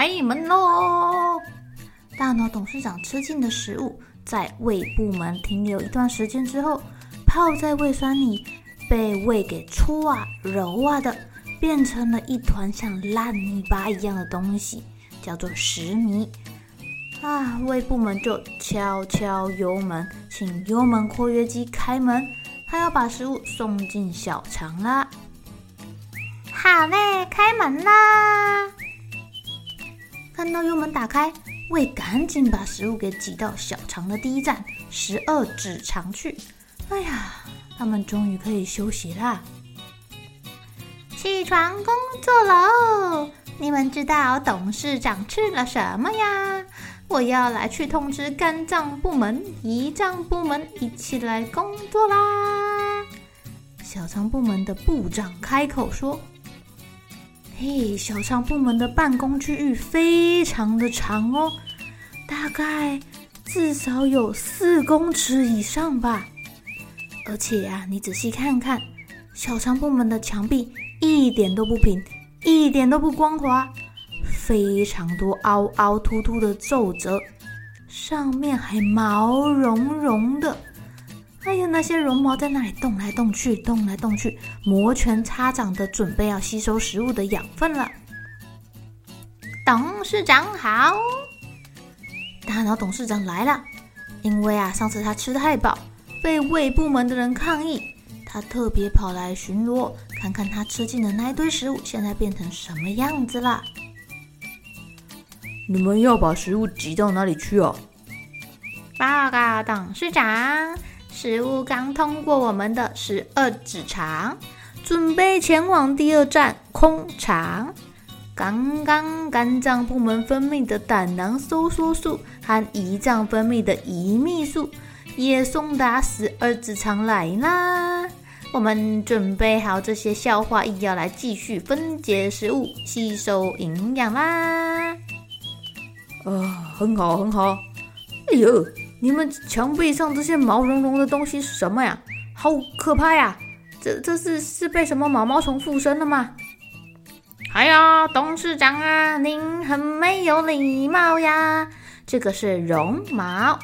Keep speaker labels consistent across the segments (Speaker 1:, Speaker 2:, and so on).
Speaker 1: 開門嘍！大腦董事長吃進的食物，在胃部門停留一段時間之後，泡在胃酸裡，被胃給搓啊揉啊的，變成了一團像爛泥巴一樣的東西，叫做食糜。啊，胃部門就敲敲幽門，請幽門括約肌開門，它要把食物送進小腸啦。好嘞，開門啦！看到幽門打開，胃趕緊把食物給擠到小腸的第一站——十二指腸去。哎呀，他們終於可以休息啦！起床工作嘍！你們知道董事長吃了什麼呀？我要來去通知肝臟部門、胰臟部門一起來工作啦！小腸部門的部長開口說。嘿，hey, 小腸部門的辦公區域非常的長哦，大概至少有四公尺以上吧。而且呀、啊，你仔細看看，小腸部門的牆壁一點都不平，一點都不光滑，非常多凹凹凸凸的皺褶，上面還毛茸茸的。哎呀，那些絨毛在那裡動來動去，動來動去，摩拳擦掌的準備要吸收食物的養分了。董事長好，大腦董事長來了。因為啊，上次他吃太飽，被胃部門的人抗議，他特別跑來巡邏，看看他吃進的那一堆食物現在變成什麼樣子了。你們要把食物擠到哪裡去啊？報告董事長。食物剛通過我們的十二指腸，準備前往第二站空腸。剛剛肝臟部門分泌的膽囊收縮素和胰臟分泌的胰泌素也送達十二指腸來啦。我們準備好這些消化液，要來繼續分解食物、吸收營養啦。啊、呃，很好，很好。哎呦！你們牆壁上這些毛茸茸的東西是什麼呀？好可怕呀！這這是是被什麼毛毛蟲附身了嗎？還有、哎、董事長啊，您很沒有禮貌呀！這個是絨毛，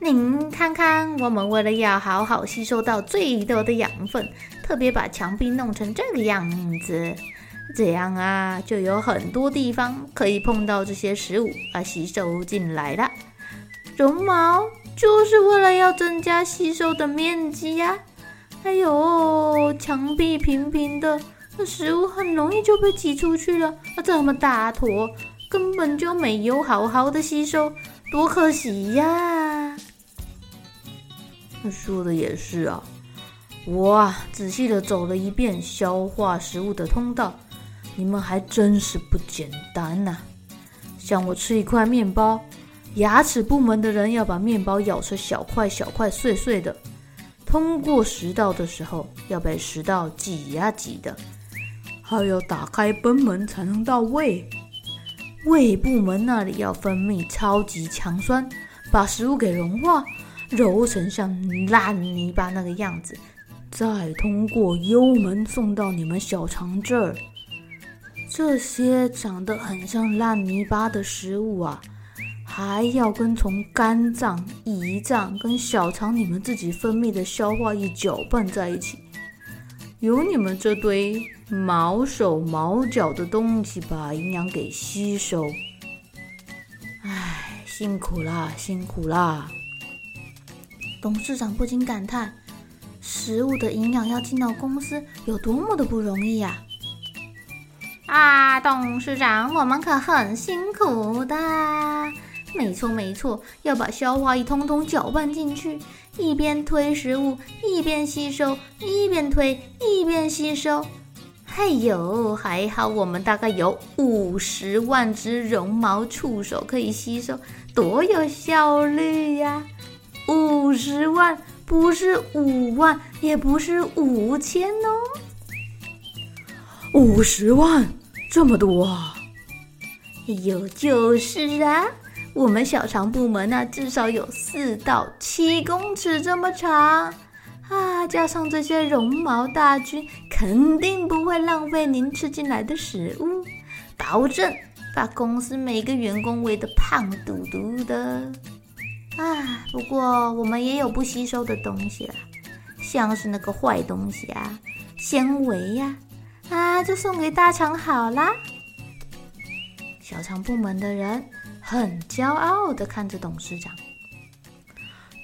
Speaker 1: 您看看，我們為了要好好吸收到最多的養分，特別把牆壁弄成這個樣子，這樣啊，就有很多地方可以碰到這些食物而、啊、吸收進來了。絨毛就是為了要增加吸收的面積呀、啊！哎喲，牆壁平平的，那食物很容易就被擠出去了。啊，這麼大坨，根本就沒有好好的吸收，多可惜呀、啊！說的也是啊，我啊，仔細的走了一遍消化食物的通道，你們還真是不簡單吶、啊！像我吃一塊麵包。牙齒部門的人要把麵包咬成小塊小塊碎碎的，通過食道的時候要被食道擠呀、啊、擠的，還要打開賁門才能到胃。胃部門那裡要分泌超級強酸，把食物給融化，揉成像爛泥巴那個樣子，再通過幽門送到你們小腸這兒。這些長得很像爛泥巴的食物啊。還要跟從肝臟、胰臟跟小腸你們自己分泌的消化液攪拌在一起，由你們這堆毛手毛腳的東西把營養給吸收。哎，辛苦啦，辛苦啦！董事長不禁感嘆：食物的營養要進到公司有多麼的不容易呀！啊，啊，董事長，我們可很辛苦的。沒錯，沒錯，要把消化液通通攪拌進去，一邊推食物，一邊吸收，一邊推，一邊吸收。哎呦，還好我們大概有五十萬只絨毛觸手可以吸收，多有效率呀、啊！五十萬不是五萬，也不是五千哦，五十萬這麼多啊！嘿呦，就是啊。我們小腸部門那、啊、至少有四到七公尺這麼長啊，加上這些絨毛大軍，肯定不會浪費您吃進來的食物，保證把公司每個員工餵得胖嘟嘟的啊！不過我們也有不吸收的東西啊，像是那個壞東西啊，纖維呀、啊，啊，就送給大腸好啦。小腸部門的人。很驕傲的看着董事長，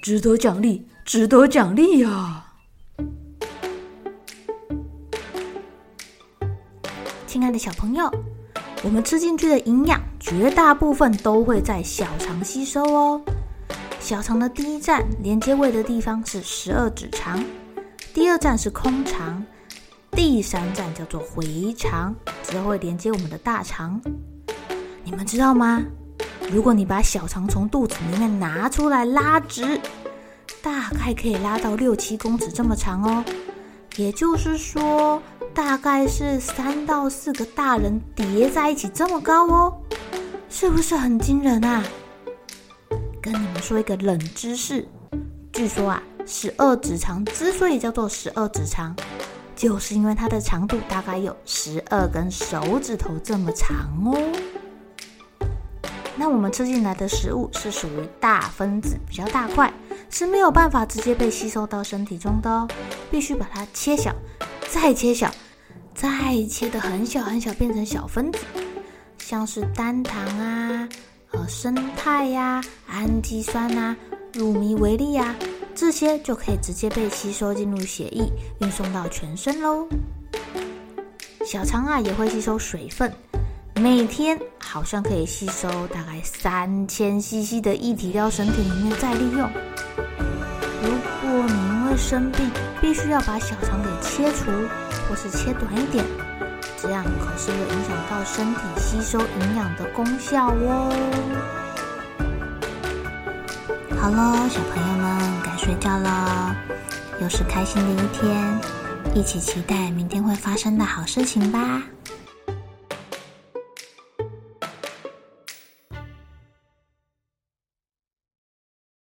Speaker 1: 值得獎勵，值得獎勵呀、啊！親愛的，小朋友，我們吃進去的營養，絕大部分都會在小腸吸收哦。小腸的第一站，連接胃的地方是十二指腸；第二站是空腸；第三站叫做回腸，只會連接我們的大腸。你們知道嗎？如果你把小腸從肚子裡面拿出來拉直，大概可以拉到六七公尺這麼長哦。也就是說，大概是三到四個大人疊在一起這麼高哦。是不是很驚人啊？跟你們說一個冷知識，據說啊，十二指腸之所以叫做十二指腸，就是因為它的長度大概有十二根手指頭這麼長哦。那我們吃進來的食物是屬於大分子，比較大塊，是沒有辦法直接被吸收到身體中的哦，必須把它切小，再切小，再切得很小很小，變成小分子，像是單糖啊、和胜肽呀、啊、氨基酸吶、啊、乳糜微粒呀，這些就可以直接被吸收進入血液，運送到全身嘍。小腸啊也會吸收水分。每天好像可以吸收大概三千 CC 的液體到身體裡面再利用。如果你因為生病，必須要把小腸給切除，或是切短一點，這樣可是會影響到身體吸收營養的功效哦。好嘍，小朋友們，該睡覺嘍。又是開心的一天，一起期待明天會發生的好事情吧。